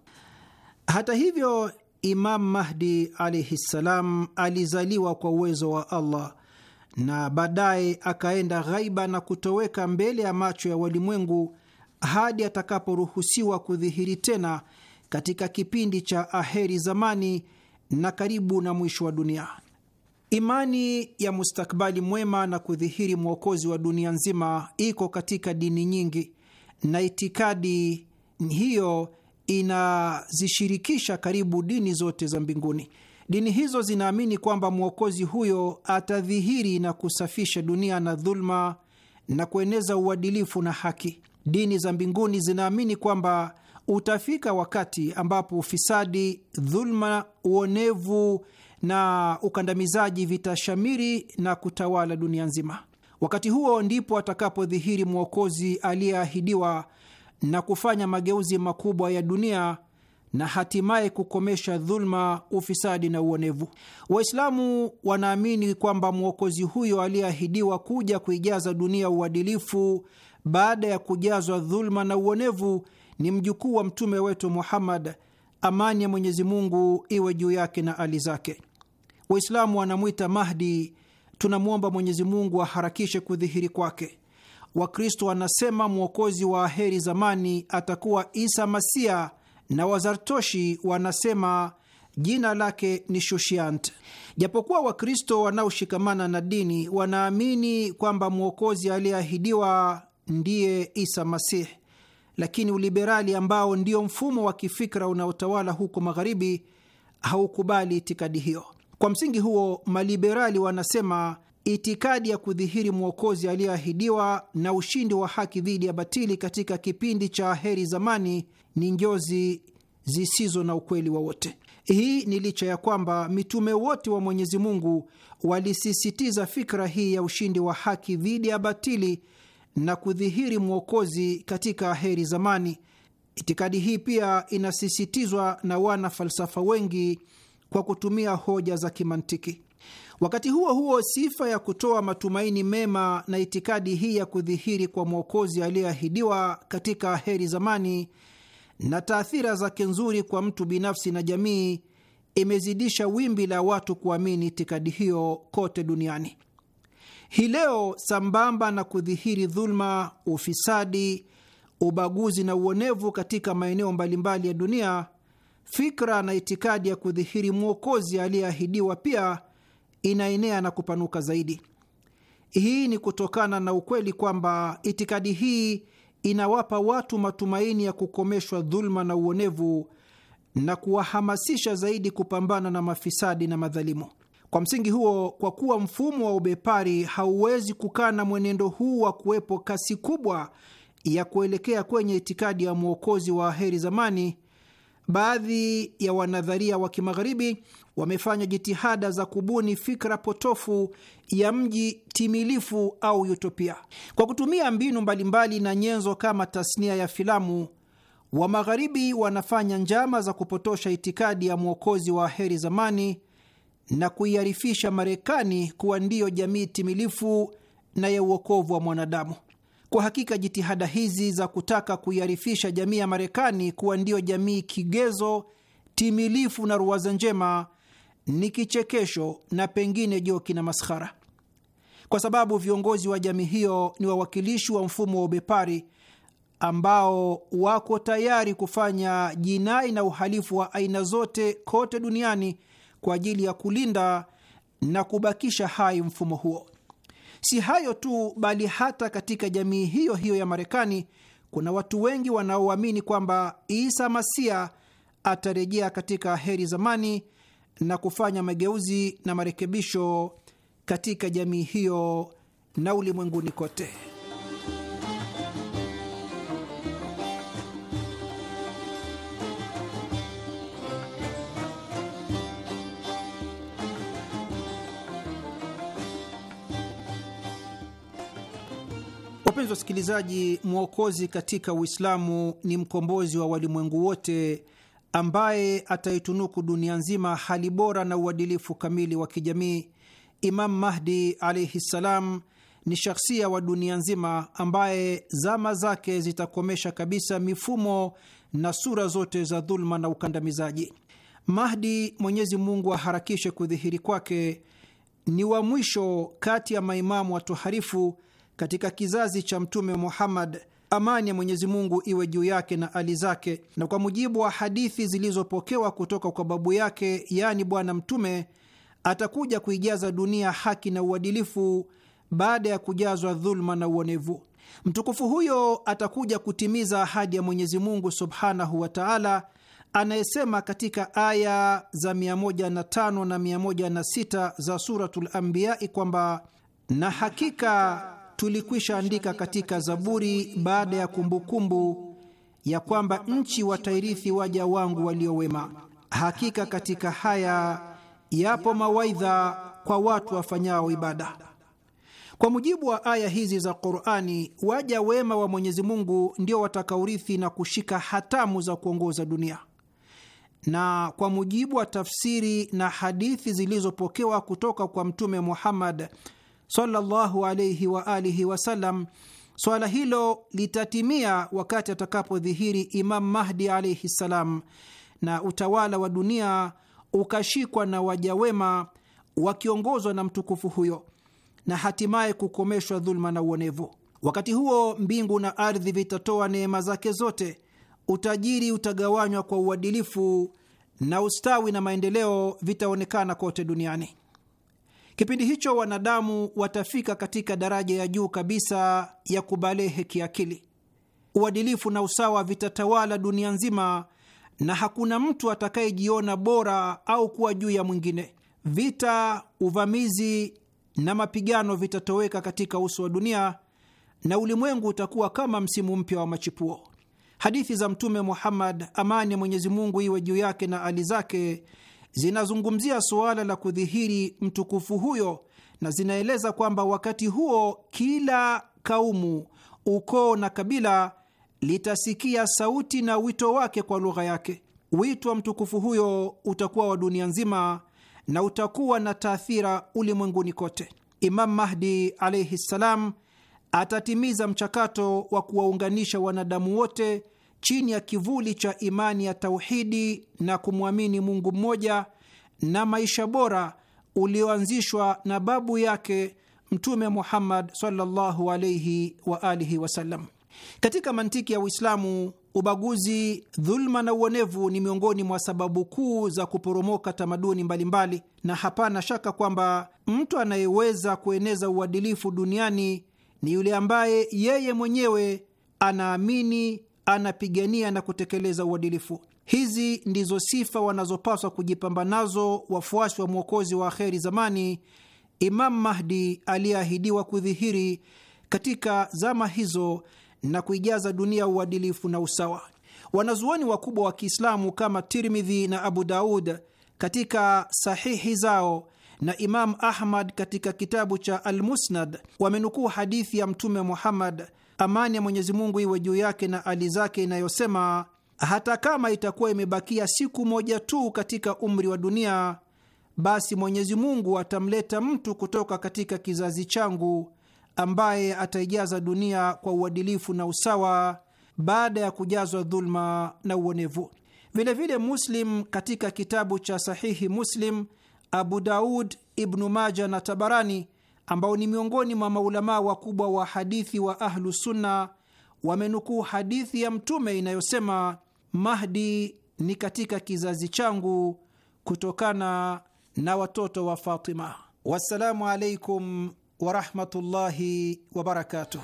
Hata hivyo, Imamu Mahdi alaihi ssalam alizaliwa kwa uwezo wa Allah na baadaye akaenda ghaiba na kutoweka mbele ya macho ya walimwengu hadi atakaporuhusiwa kudhihiri tena katika kipindi cha aheri zamani na karibu na mwisho wa dunia. Imani ya mustakbali mwema na kudhihiri mwokozi wa dunia nzima iko katika dini nyingi, na itikadi hiyo inazishirikisha karibu dini zote za mbinguni. Dini hizo zinaamini kwamba mwokozi huyo atadhihiri na kusafisha dunia na dhuluma na kueneza uadilifu na haki. Dini za mbinguni zinaamini kwamba utafika wakati ambapo ufisadi, dhuluma, uonevu na ukandamizaji vitashamiri na kutawala dunia nzima. Wakati huo ndipo atakapodhihiri mwokozi aliyeahidiwa na kufanya mageuzi makubwa ya dunia na hatimaye kukomesha dhuluma, ufisadi na uonevu. Waislamu wanaamini kwamba mwokozi huyo aliyeahidiwa kuja kuijaza dunia uadilifu baada ya kujazwa dhuluma na uonevu ni mjukuu wa mtume wetu Muhammad, amani ya Mwenyezi Mungu iwe juu yake na ali zake. Waislamu wanamwita Mahdi, tunamwomba Mwenyezi Mungu aharakishe kudhihiri kwake. Wakristo wanasema mwokozi wa aheri zamani atakuwa Isa Masia, na Wazartoshi wanasema jina lake ni Shushiant. Japokuwa Wakristo wanaoshikamana na dini wanaamini kwamba mwokozi aliyeahidiwa ndiye Isa Masih, lakini uliberali ambao ndio mfumo wa kifikra unaotawala huko magharibi haukubali itikadi hiyo. Kwa msingi huo, maliberali wanasema itikadi ya kudhihiri mwokozi aliyeahidiwa na ushindi wa haki dhidi ya batili katika kipindi cha heri zamani ni njozi zisizo na ukweli wowote. Hii ni licha ya kwamba mitume wote wa Mwenyezi Mungu walisisitiza fikra hii ya ushindi wa haki dhidi ya batili na kudhihiri mwokozi katika heri zamani. Itikadi hii pia inasisitizwa na wana falsafa wengi kwa kutumia hoja za kimantiki. Wakati huo huo, sifa ya kutoa matumaini mema na itikadi hii ya kudhihiri kwa mwokozi aliyeahidiwa katika heri zamani na taathira zake nzuri kwa mtu binafsi na jamii imezidisha wimbi la watu kuamini itikadi hiyo kote duniani. Hii leo, sambamba na kudhihiri dhuluma, ufisadi, ubaguzi na uonevu katika maeneo mbalimbali ya dunia, fikra na itikadi ya kudhihiri mwokozi aliyeahidiwa pia inaenea na kupanuka zaidi. Hii ni kutokana na ukweli kwamba itikadi hii inawapa watu matumaini ya kukomeshwa dhuluma na uonevu na kuwahamasisha zaidi kupambana na mafisadi na madhalimu. Kwa msingi huo, kwa kuwa mfumo wa ubepari hauwezi kukaa na mwenendo huu wa kuwepo kasi kubwa ya kuelekea kwenye itikadi ya mwokozi wa heri zamani, baadhi ya wanadharia wa kimagharibi wamefanya jitihada za kubuni fikra potofu ya mji timilifu au utopia kwa kutumia mbinu mbalimbali na nyenzo kama tasnia ya filamu. Wa magharibi wanafanya njama za kupotosha itikadi ya mwokozi wa heri zamani na kuiarifisha Marekani kuwa ndiyo jamii timilifu na ya uokovu wa mwanadamu. Kwa hakika jitihada hizi za kutaka kuiarifisha jamii ya Marekani kuwa ndiyo jamii kigezo timilifu na ruwaza njema ni kichekesho na pengine joki na maskhara, kwa sababu viongozi wa jamii hiyo ni wawakilishi wa mfumo wa ubepari ambao wako tayari kufanya jinai na uhalifu wa aina zote kote duniani kwa ajili ya kulinda na kubakisha hai mfumo huo. Si hayo tu, bali hata katika jamii hiyo hiyo ya Marekani kuna watu wengi wanaoamini kwamba Isa Masia atarejea katika heri zamani na kufanya mageuzi na marekebisho katika jamii hiyo na ulimwenguni kote. Wapenzi wasikilizaji, mwokozi katika Uislamu ni mkombozi wa walimwengu wote ambaye ataitunuku dunia nzima hali bora na uadilifu kamili wa kijamii. Imam Mahdi alaihi ssalam ni shakhsia wa dunia nzima ambaye zama zake zitakomesha kabisa mifumo na sura zote za dhuluma na ukandamizaji. Mahdi, Mwenyezi Mungu aharakishe kudhihiri kwake, ni wa mwisho kati ya maimamu watoharifu katika kizazi cha Mtume Muhammad, amani ya Mwenyezi Mungu iwe juu yake na ali zake, na kwa mujibu wa hadithi zilizopokewa kutoka kwa babu yake, yaani Bwana Mtume, atakuja kuijaza dunia haki na uadilifu baada ya kujazwa dhuluma na uonevu. Mtukufu huyo atakuja kutimiza ahadi ya Mwenyezi Mungu subhanahu wa taala anayesema katika aya za 105 na 106 za Suratul Anbiyai kwamba na hakika tulikwisha andika katika Zaburi baada ya kumbukumbu ya kwamba nchi watairithi waja wangu waliowema. Hakika katika haya yapo mawaidha kwa watu wafanyao ibada. Kwa mujibu wa aya hizi za Qur'ani, waja wema wa Mwenyezi Mungu ndio watakaurithi na kushika hatamu za kuongoza dunia. Na kwa mujibu wa tafsiri na hadithi zilizopokewa kutoka kwa Mtume Muhammad sallallahu alayhi wa alihi wasallam, swala hilo litatimia wakati atakapodhihiri Imam Mahdi alaihi ssalam, na utawala wa dunia ukashikwa na wajawema wakiongozwa na mtukufu huyo, na hatimaye kukomeshwa dhuluma na uonevu. Wakati huo mbingu na ardhi vitatoa neema zake zote, utajiri utagawanywa kwa uadilifu, na ustawi na maendeleo vitaonekana kote duniani. Kipindi hicho wanadamu watafika katika daraja ya juu kabisa ya kubalehe kiakili. Uadilifu na usawa vitatawala dunia nzima na hakuna mtu atakayejiona bora au kuwa juu ya mwingine. Vita, uvamizi na mapigano vitatoweka katika uso wa dunia na ulimwengu utakuwa kama msimu mpya wa machipuo. Hadithi za Mtume Muhammad, amani ya Mwenyezi Mungu iwe juu yake na ali zake, zinazungumzia suala la kudhihiri mtukufu huyo na zinaeleza kwamba wakati huo kila kaumu, ukoo na kabila litasikia sauti na wito wake kwa lugha yake. Wito wa mtukufu huyo utakuwa wa dunia nzima na utakuwa na taathira ulimwenguni kote. Imam Mahdi alaihi ssalam atatimiza mchakato wa kuwaunganisha wanadamu wote chini ya kivuli cha imani ya tauhidi na kumwamini Mungu mmoja na maisha bora ulioanzishwa na babu yake Mtume Muhammad sallallahu alayhi wa alihi wasallam. Katika mantiki ya Uislamu, ubaguzi, dhuluma na uonevu ni miongoni mwa sababu kuu za kuporomoka tamaduni mbalimbali mbali, na hapana shaka kwamba mtu anayeweza kueneza uadilifu duniani ni yule ambaye yeye mwenyewe anaamini anapigania na kutekeleza uadilifu. Hizi ndizo sifa wanazopaswa kujipamba nazo wafuasi wa mwokozi wa akheri zamani, Imamu Mahdi aliyeahidiwa kudhihiri katika zama hizo na kuijaza dunia uadilifu na usawa. Wanazuoni wakubwa wa Kiislamu kama Tirmidhi na Abu Daud katika sahihi zao na Imamu Ahmad katika kitabu cha Almusnad wamenukuu hadithi ya Mtume Muhammad amani ya Mwenyezi Mungu iwe juu yake na ali zake, inayosema hata kama itakuwa imebakia siku moja tu katika umri wa dunia, basi Mwenyezi Mungu atamleta mtu kutoka katika kizazi changu ambaye ataijaza dunia kwa uadilifu na usawa baada ya kujazwa dhuluma na uonevu. Vilevile Muslim katika kitabu cha Sahihi Muslim, Abu Daud, Ibnu Maja na Tabarani ambao ni miongoni mwa maulamaa wakubwa wa hadithi wa Ahlu Sunna wamenukuu hadithi ya Mtume inayosema Mahdi ni katika kizazi changu kutokana na watoto wa Fatima. Wassalamu alaikum warahmatullahi wabarakatuh.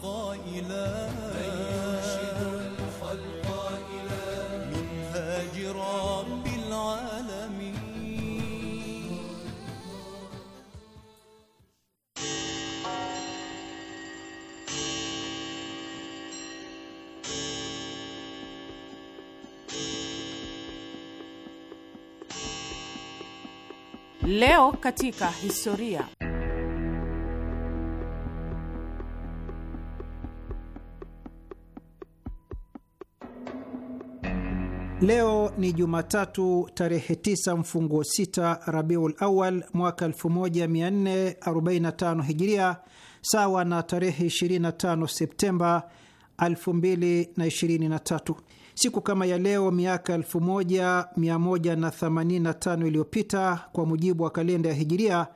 الخلق إلى من يرشد الخلق إلى منهاج رب العالمين Leo katika historia Leo ni Jumatatu tarehe 9 mfunguo 6 Rabiul Awal mwaka 1445 Hijiria, sawa na tarehe 25 Septemba 2023. Siku kama ya leo miaka 1185 iliyopita kwa mujibu wa kalenda ya Hijiria,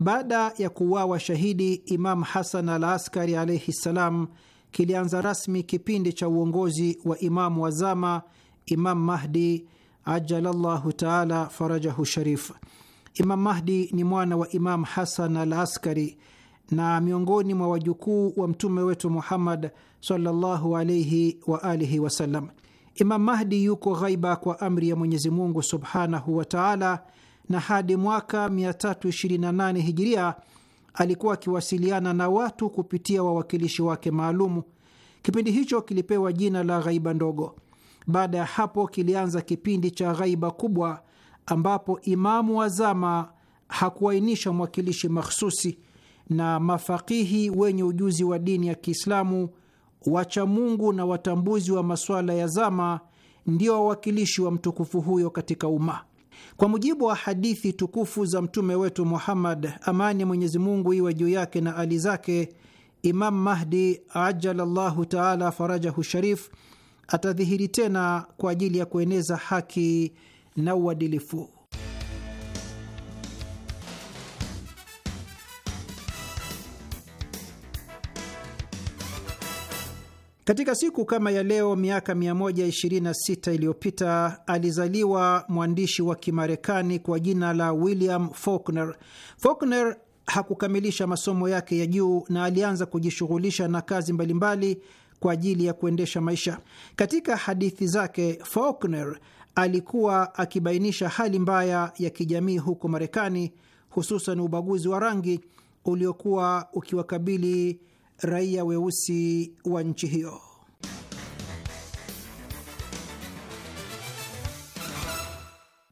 baada ya kuuawa shahidi Imam Hasan al Askari alaihi ssalam, kilianza rasmi kipindi cha uongozi wa Imamu wazama Imam Mahdi ajalallahu taala farajahu sharif. Imam Mahdi ni mwana wa Imam Hasan al Askari na miongoni mwa wajukuu wa mtume wetu Muhammad sallallahu alaihi wa alihi wasallam. Imam Mahdi yuko ghaiba kwa amri ya Mwenyezi Mungu subhanahu wa taala, na hadi mwaka 328 hijiria alikuwa akiwasiliana na watu kupitia wawakilishi wake maalumu. Kipindi hicho kilipewa jina la ghaiba ndogo. Baada ya hapo kilianza kipindi cha ghaiba kubwa, ambapo imamu wa zama hakuainisha mwakilishi makhususi na mafakihi wenye ujuzi wa dini ya Kiislamu, wachamungu na watambuzi wa masuala ya zama ndio wawakilishi wa mtukufu huyo katika umma. Kwa mujibu wa hadithi tukufu za mtume wetu Muhammad, amani ya Mwenyezi Mungu iwe juu yake na ali zake, Imam Mahdi ajalallahu taala farajahu sharif atadhihiri tena kwa ajili ya kueneza haki na uadilifu. Katika siku kama ya leo miaka 126 iliyopita alizaliwa mwandishi wa Kimarekani kwa jina la William Faulkner. Faulkner hakukamilisha masomo yake ya juu na alianza kujishughulisha na kazi mbalimbali kwa ajili ya kuendesha maisha. Katika hadithi zake Faulkner alikuwa akibainisha hali mbaya ya kijamii huko Marekani, hususan ubaguzi wa rangi uliokuwa ukiwakabili raia weusi wa nchi hiyo.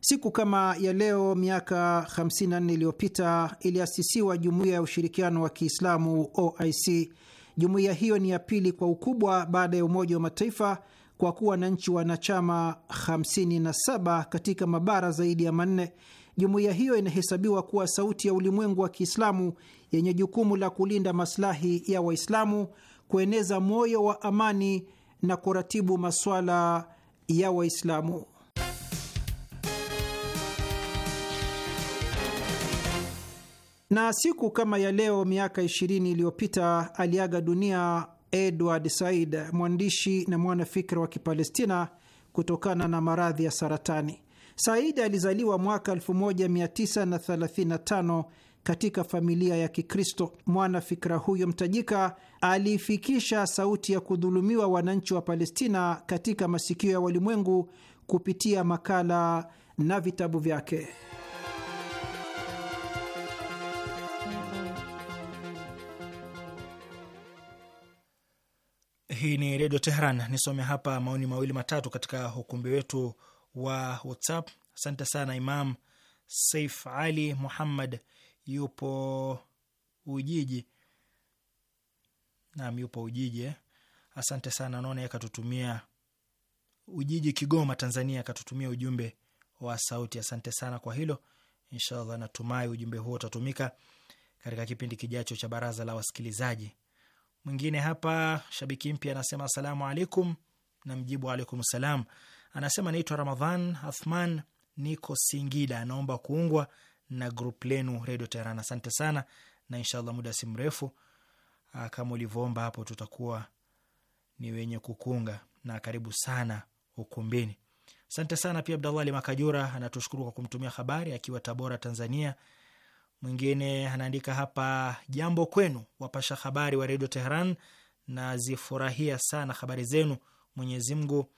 Siku kama ya leo miaka 54 iliyopita iliasisiwa Jumuiya ya Ushirikiano wa Kiislamu, OIC. Jumuiya hiyo ni ya pili kwa ukubwa baada ya Umoja wa Mataifa kwa kuwa na nchi wanachama 57 katika mabara zaidi ya manne. Jumuiya hiyo inahesabiwa kuwa sauti ya ulimwengu wa Kiislamu yenye jukumu la kulinda maslahi ya Waislamu, kueneza moyo wa amani na kuratibu maswala ya Waislamu. Na siku kama ya leo miaka 20 iliyopita aliaga dunia Edward Said, mwandishi na mwanafikra wa Kipalestina, kutokana na maradhi ya saratani. Said alizaliwa mwaka 1935 katika familia ya Kikristo. Mwanafikra huyo mtajika aliifikisha sauti ya kudhulumiwa wananchi wa Palestina katika masikio ya walimwengu kupitia makala na vitabu vyake. Hii ni Redio Tehran. Nisome hapa maoni mawili matatu katika ukumbi wetu wa WhatsApp. Asante sana Imam Saif Ali Muhammad, yupo Ujiji. Naam, yupo Ujiji. Eh. Asante sana, naona katutumia Ujiji, Kigoma, Tanzania, akatutumia ujumbe wa sauti. Asante sana kwa hilo. Inshallah, natumai ujumbe huo utatumika katika kipindi kijacho cha baraza la wasikilizaji. Mwingine hapa shabiki mpya anasema asalamu alaikum, na mjibu alaikum salam. Anasema naitwa Ramadhan Athman, niko Singida, anaomba kuungwa na grup lenu Redio Teheran. Asante sana, na inshallah muda si mrefu ah, kama ulivyoomba hapo, tutakuwa ni wenye kukunga na karibu sana ukumbini. Asante sana pia. Abdallah Ali Makajura anatushukuru kwa kumtumia habari akiwa Tabora, Tanzania. Mwingine anaandika hapa, jambo kwenu wapasha habari wa redio teheran nazifurahia sana habari zenu. Mwenyezi Mungu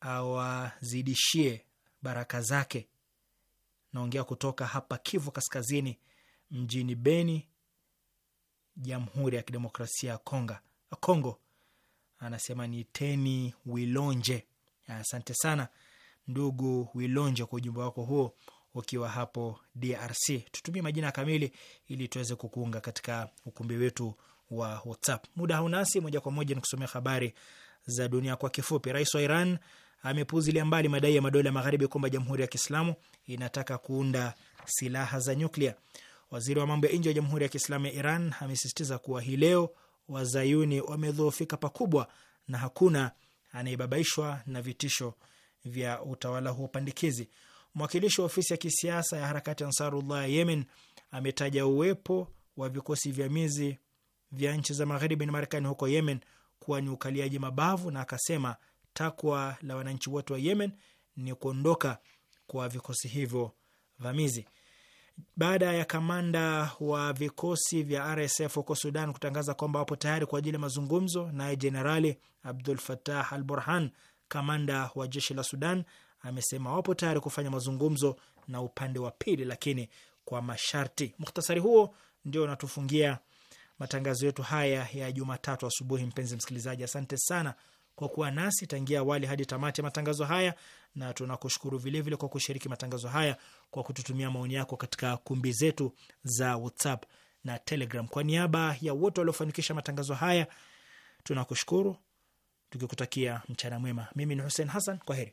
awazidishie baraka zake. Naongea kutoka hapa Kivu Kaskazini, mjini Beni, Jamhuri ya Kidemokrasia ya Konga, Kongo. Anasema ni Teni Wilonje. Asante sana ndugu Wilonje kwa ujumbe wako huo ukiwa hapo DRC. Tutumie majina kamili ili tuweze kukuunga katika ukumbi wetu wa WhatsApp. Muda haunasi, moja kwa moja nikusomea habari za dunia kwa kifupi. Rais wa Iran amepuzilia mbali madai ya madola magharibi kwamba Jamhuri ya Kiislamu inataka kuunda silaha za nyuklia. Waziri wa mambo ya nje wa Jamhuri ya Kiislamu ya Iran amesisitiza kuwa hii leo wazayuni wamedhoofika pakubwa na hakuna anayebabaishwa na vitisho vya utawala huo pandikizi. Mwakilishi wa ofisi ya kisiasa ya harakati Ansarullah ya Yemen ametaja uwepo wa vikosi vamizi vya nchi za magharibi na Marekani huko Yemen kuwa ni ukaliaji mabavu, na akasema takwa la wananchi wote wa Yemen ni kuondoka kwa vikosi hivyo vamizi. Baada ya kamanda wa vikosi vya RSF huko Sudan kutangaza kwamba wapo tayari kwa ajili ya mazungumzo, naye Jenerali Abdul Fatah Al Burhan, kamanda wa jeshi la Sudan, amesema wapo tayari kufanya mazungumzo na upande wa pili, lakini kwa masharti. Mukhtasari huo ndio unatufungia matangazo yetu haya ya Jumatatu asubuhi. Mpenzi msikilizaji, asante sana kwa kuwa nasi tangia awali hadi tamati ya matangazo haya, na tunakushukuru vilevile kwa kushiriki matangazo haya kwa kututumia maoni yako katika kumbi zetu za WhatsApp na Telegram. Kwa niaba ya wote waliofanikisha matangazo haya, tunakushukuru tukikutakia mchana mwema. Mimi ni Hussein Hassan, kwa heri.